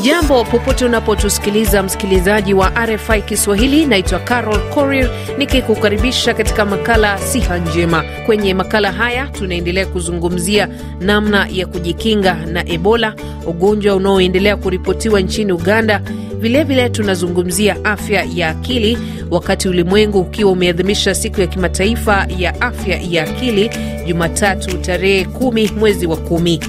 Hujambo popote unapotusikiliza msikilizaji wa RFI Kiswahili. Naitwa Carol Corir nikikukaribisha katika makala siha njema. Kwenye makala haya tunaendelea kuzungumzia namna ya kujikinga na Ebola, ugonjwa unaoendelea kuripotiwa nchini Uganda. Vilevile vile tunazungumzia afya ya akili, wakati ulimwengu ukiwa umeadhimisha siku ya kimataifa ya afya ya akili Jumatatu tarehe kumi mwezi wa kumi.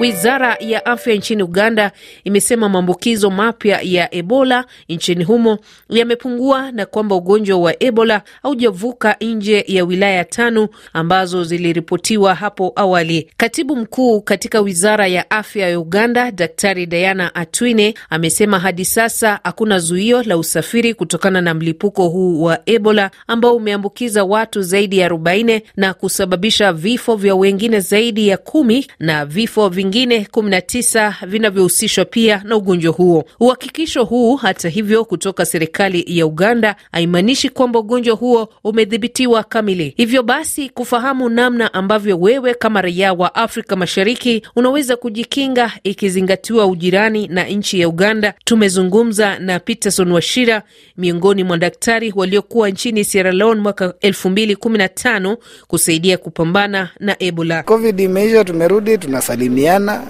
Wizara ya afya nchini Uganda imesema maambukizo mapya ya Ebola nchini humo yamepungua na kwamba ugonjwa wa Ebola haujavuka nje ya wilaya tano ambazo ziliripotiwa hapo awali. Katibu mkuu katika wizara ya afya ya Uganda, Daktari Diana Atwine, amesema hadi sasa hakuna zuio la usafiri kutokana na mlipuko huu wa Ebola ambao umeambukiza watu zaidi ya 40 na kusababisha vifo vya wengine zaidi ya kumi na vifo vingine 19 vinavyohusishwa pia na ugonjwa huo. Uhakikisho huu hata hivyo, kutoka serikali ya Uganda haimaanishi kwamba ugonjwa huo umedhibitiwa kamili. Hivyo basi kufahamu namna ambavyo wewe kama raia wa Afrika Mashariki unaweza kujikinga ikizingatiwa ujirani na nchi ya Uganda, tumezungumza na Peterson Washira, miongoni mwa daktari waliokuwa nchini Sierra Leone mwaka 2015 kusaidia kupambana na Ebola. COVID imeisha, tumerudi tunasalimia jana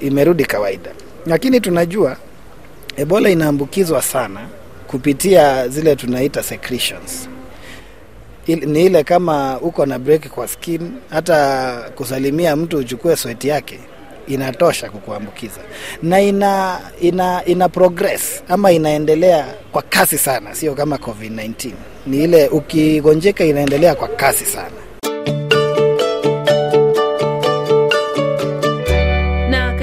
imerudi kawaida, lakini tunajua Ebola inaambukizwa sana kupitia zile tunaita secretions. Il, ni ile kama uko na break kwa skin, hata kusalimia mtu uchukue sweti yake inatosha kukuambukiza na ina, ina, ina progress ama inaendelea kwa kasi sana, sio kama COVID-19. Ni ile ukigonjeka inaendelea kwa kasi sana.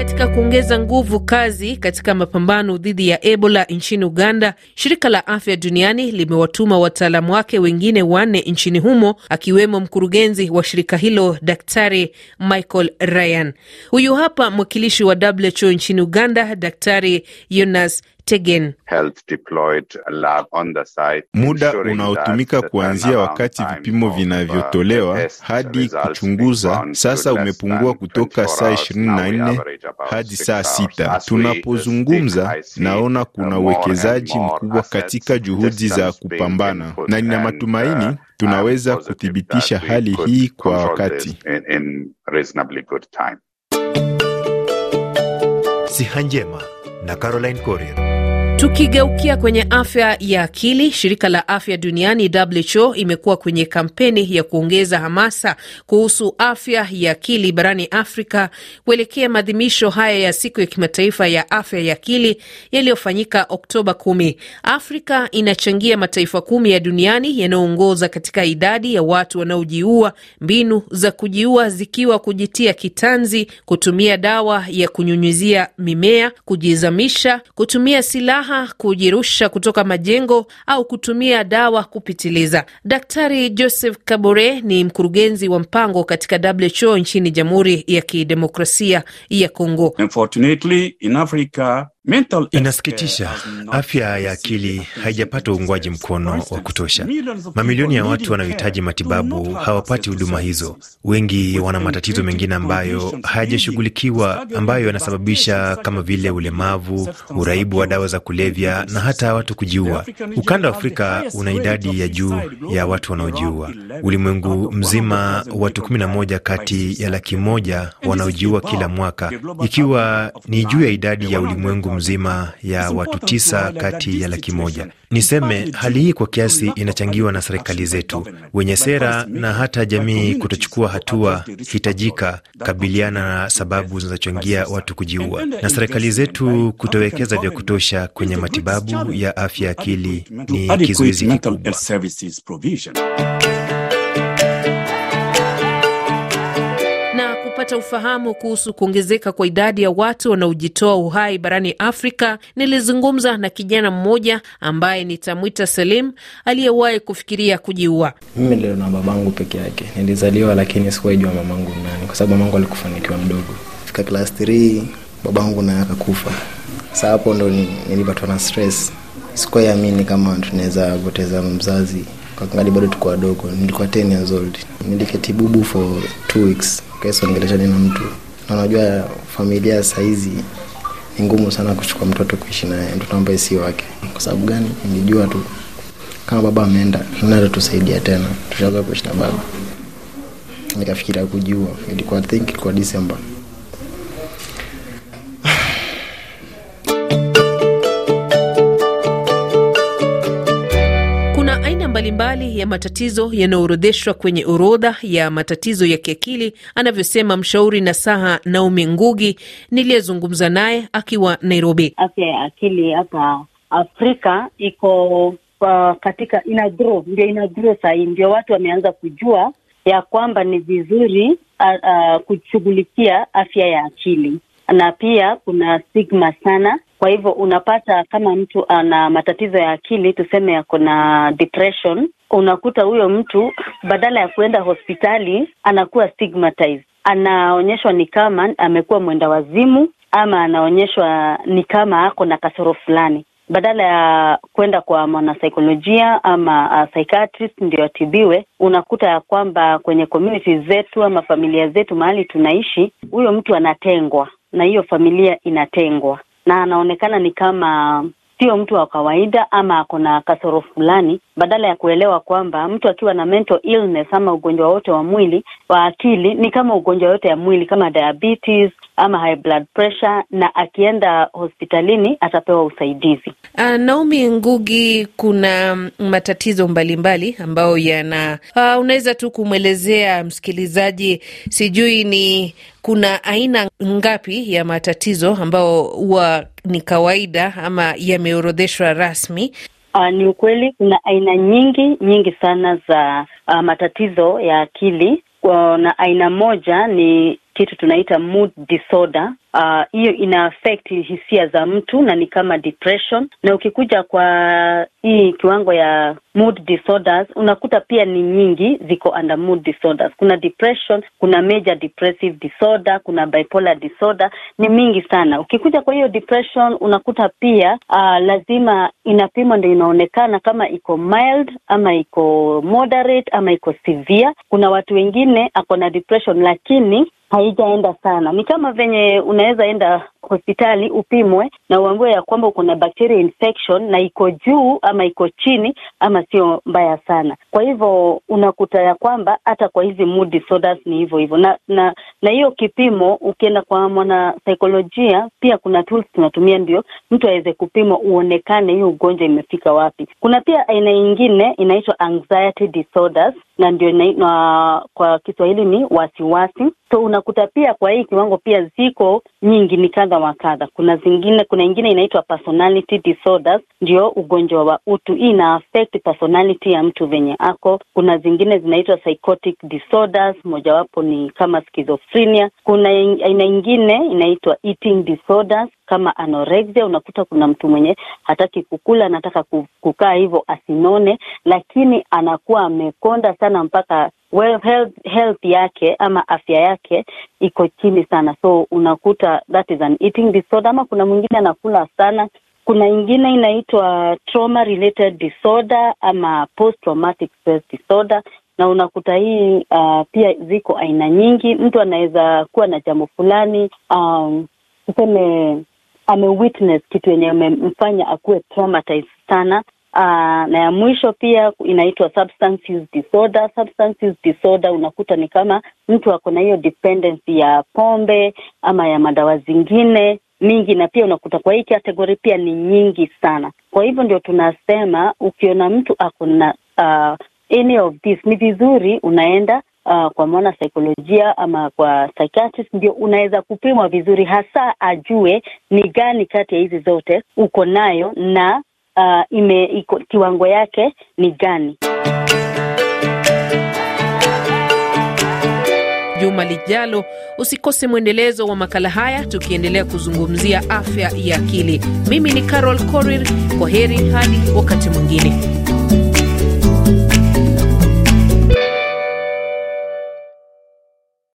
Katika kuongeza nguvu kazi katika mapambano dhidi ya Ebola nchini Uganda, shirika la afya duniani limewatuma wataalamu wake wengine wanne nchini humo, akiwemo mkurugenzi wa shirika hilo Daktari Michael Ryan. Huyu hapa mwakilishi wa WHO nchini Uganda, Daktari Yonas Tegen. Muda unaotumika kuanzia wakati vipimo uh, vinavyotolewa hadi kuchunguza sasa umepungua kutoka saa 24 hadi saa sita. Tunapozungumza, naona uh, kuna uwekezaji mkubwa katika juhudi za kupambana, na nina matumaini uh, tunaweza kuthibitisha hali hii kwa wakati. Siha Njema na Caroline Corrier. Tukigeukia kwenye afya ya akili, shirika la afya duniani WHO imekuwa kwenye kampeni ya kuongeza hamasa kuhusu afya ya akili barani Afrika kuelekea maadhimisho haya ya siku ya kimataifa ya afya ya akili yaliyofanyika Oktoba kumi. Afrika inachangia mataifa kumi ya duniani yanayoongoza katika idadi ya watu wanaojiua, mbinu za kujiua zikiwa kujitia kitanzi, kutumia dawa ya kunyunyizia mimea, kujizamisha, kutumia silaha majeraha, kujirusha kutoka majengo au kutumia dawa kupitiliza. Daktari Joseph Kabore ni mkurugenzi wa mpango katika WHO nchini Jamhuri ya Kidemokrasia ya Kongo. In Africa, Inasikitisha, afya ya akili haijapata uungwaji mkono wa kutosha. Mamilioni ya watu wanaohitaji matibabu hawapati huduma hizo. Wengi wana matatizo mengine ambayo hayajashughulikiwa, ambayo yanasababisha kama vile ulemavu, uraibu wa dawa za kulevya na hata watu kujiua. Ukanda wa Afrika una idadi ya juu ya watu wanaojiua. Ulimwengu mzima, watu 11 kati ya laki moja wanaojiua kila mwaka, ikiwa ni juu ya idadi ya ulimwengu mzima ya watu tisa kati ya laki moja. Niseme hali hii kwa kiasi inachangiwa na serikali zetu, wenye sera na hata jamii kutochukua hatua hitajika kabiliana na sababu zinazochangia watu kujiua, na serikali zetu kutowekeza vya kutosha kwenye matibabu ya afya akili ni kizuizi kikubwa. kupata ufahamu kuhusu kuongezeka kwa idadi ya watu wanaojitoa uhai barani Afrika, nilizungumza na kijana mmoja ambaye nitamwita Selim aliyewahi kufikiria kujiua. Mimi ndio na babangu peke yake nilizaliwa, lakini sikuwaijua mamangu nani, kwa sababu mamangu alikufanikiwa mdogo. Fika klas 3 babangu naye akakufa. Sa hapo ndo nilipatwa na stress, sikuamini kama tunaweza poteza mzazi kakangali bado tuko wadogo, nilikuwa 10 years old. Niliketi bubu for 2 weeks kesi na mtu na unajua familia sahizi ni ngumu sana kuchukua mtoto kuishi naye mtoto ambaye si wake kwa sababu gani nijua tu kama baba ameenda nalo tusaidia tena tutaweza kuishi na baba nikafikiria kujua ilikuwa think ilikuwa december mbalimbali ya matatizo yanayoorodheshwa kwenye orodha ya matatizo ya kiakili, anavyosema mshauri na saha Naomi Ngugi niliyezungumza naye akiwa Nairobi. Afya ya akili hapa Afrika iko uh, katika ina grow, ndio ina grow sahii, ndio watu wameanza kujua ya kwamba ni vizuri uh, uh, kushughulikia afya ya akili na pia kuna stigma sana kwa hivyo unapata kama mtu ana matatizo ya akili, tuseme ako na depression, unakuta huyo mtu badala ya kuenda hospitali anakuwa stigmatized, anaonyeshwa ni kama amekuwa mwenda wazimu ama anaonyeshwa ni kama ako na kasoro fulani badala ya kwenda kwa mwanasaikolojia ama uh, psychiatrist ndio atibiwe, unakuta ya kwamba kwenye community zetu ama familia zetu mahali tunaishi, huyo mtu anatengwa na hiyo familia inatengwa na anaonekana ni kama sio mtu wa kawaida ama ako na kasoro fulani, badala ya kuelewa kwamba mtu akiwa na mental illness ama ugonjwa wote wa mwili wa akili ni kama ugonjwa wote ya mwili kama diabetes ama high blood pressure, na akienda hospitalini atapewa usaidizi. Uh, Naomi Ngugi, kuna matatizo mbalimbali mbali ambayo yana uh, unaweza tu kumwelezea msikilizaji, sijui ni kuna aina ngapi ya matatizo ambao huwa ni kawaida ama yameorodheshwa rasmi? Uh, ni ukweli kuna aina nyingi nyingi sana za uh, matatizo ya akili uh, na aina moja ni kitu tunaita mood disorder. Ah, hiyo uh, ina affect hisia za mtu na ni kama depression, na ukikuja kwa hii kiwango ya mood disorders unakuta pia ni nyingi ziko under mood disorders. Kuna depression, kuna major depressive disorder, kuna bipolar disorder, ni mingi sana. Ukikuja kwa hiyo depression unakuta pia uh, lazima inapimwa ndio inaonekana kama iko mild ama iko moderate ama iko severe. Kuna watu wengine ako na depression lakini haijaenda sana. Ni kama venye unaweza enda hospitali upimwe na uambiwe ya kwamba uko na bacteria infection na iko juu ama iko chini ama sio mbaya sana. Kwa hivyo unakuta ya kwamba hata kwa hizi mood disorders ni hivyo hivyo, na na na hiyo kipimo, ukienda kwa mwana saikolojia, pia kuna tools tunatumia ndio mtu aweze kupimwa, uonekane hiyo ugonjwa imefika wapi. Kuna pia aina nyingine inaitwa anxiety disorders, na ndio inaitwa na, kwa Kiswahili ni wasiwasi So unakuta pia kwa hii kiwango pia ziko nyingi, ni kadha wa kadha. Kuna zingine, kuna ingine inaitwa personality disorders, ndio ugonjwa wa utu. Hii ina affect personality ya mtu venye ako. Kuna zingine zinaitwa psychotic disorders, mojawapo ni kama schizophrenia. Kuna aina ingine inaitwa eating disorders kama anorexia. Unakuta kuna mtu mwenye hataki kukula, anataka kukaa hivyo asinone, lakini anakuwa amekonda sana mpaka well health, health yake ama afya yake iko chini sana, so unakuta that is an eating disorder, ama kuna mwingine anakula sana. Kuna ingine inaitwa trauma related disorder ama post traumatic stress disorder, na unakuta hii uh, pia ziko aina nyingi. Mtu anaweza kuwa na jambo fulani tuseme um, tuseme amewitness kitu yenye amemfanya akuwe traumatized sana Uh, na ya mwisho pia inaitwa substance use disorder. Substance use disorder unakuta ni kama mtu ako na hiyo dependency ya pombe ama ya madawa zingine mingi, na pia unakuta kwa hii kategori pia ni nyingi sana. Kwa hivyo ndio tunasema ukiona mtu ako na uh, any of this, ni vizuri unaenda uh, kwa mwana saikolojia ama kwa psychiatrist, ndio unaweza kupimwa vizuri, hasa ajue ni gani kati ya hizi zote uko nayo na uh, ime iko kiwango yake ni gani. Juma lijalo usikose mwendelezo wa makala haya, tukiendelea kuzungumzia afya ya akili. Mimi ni Carol Korir, kwa heri hadi wakati mwingine.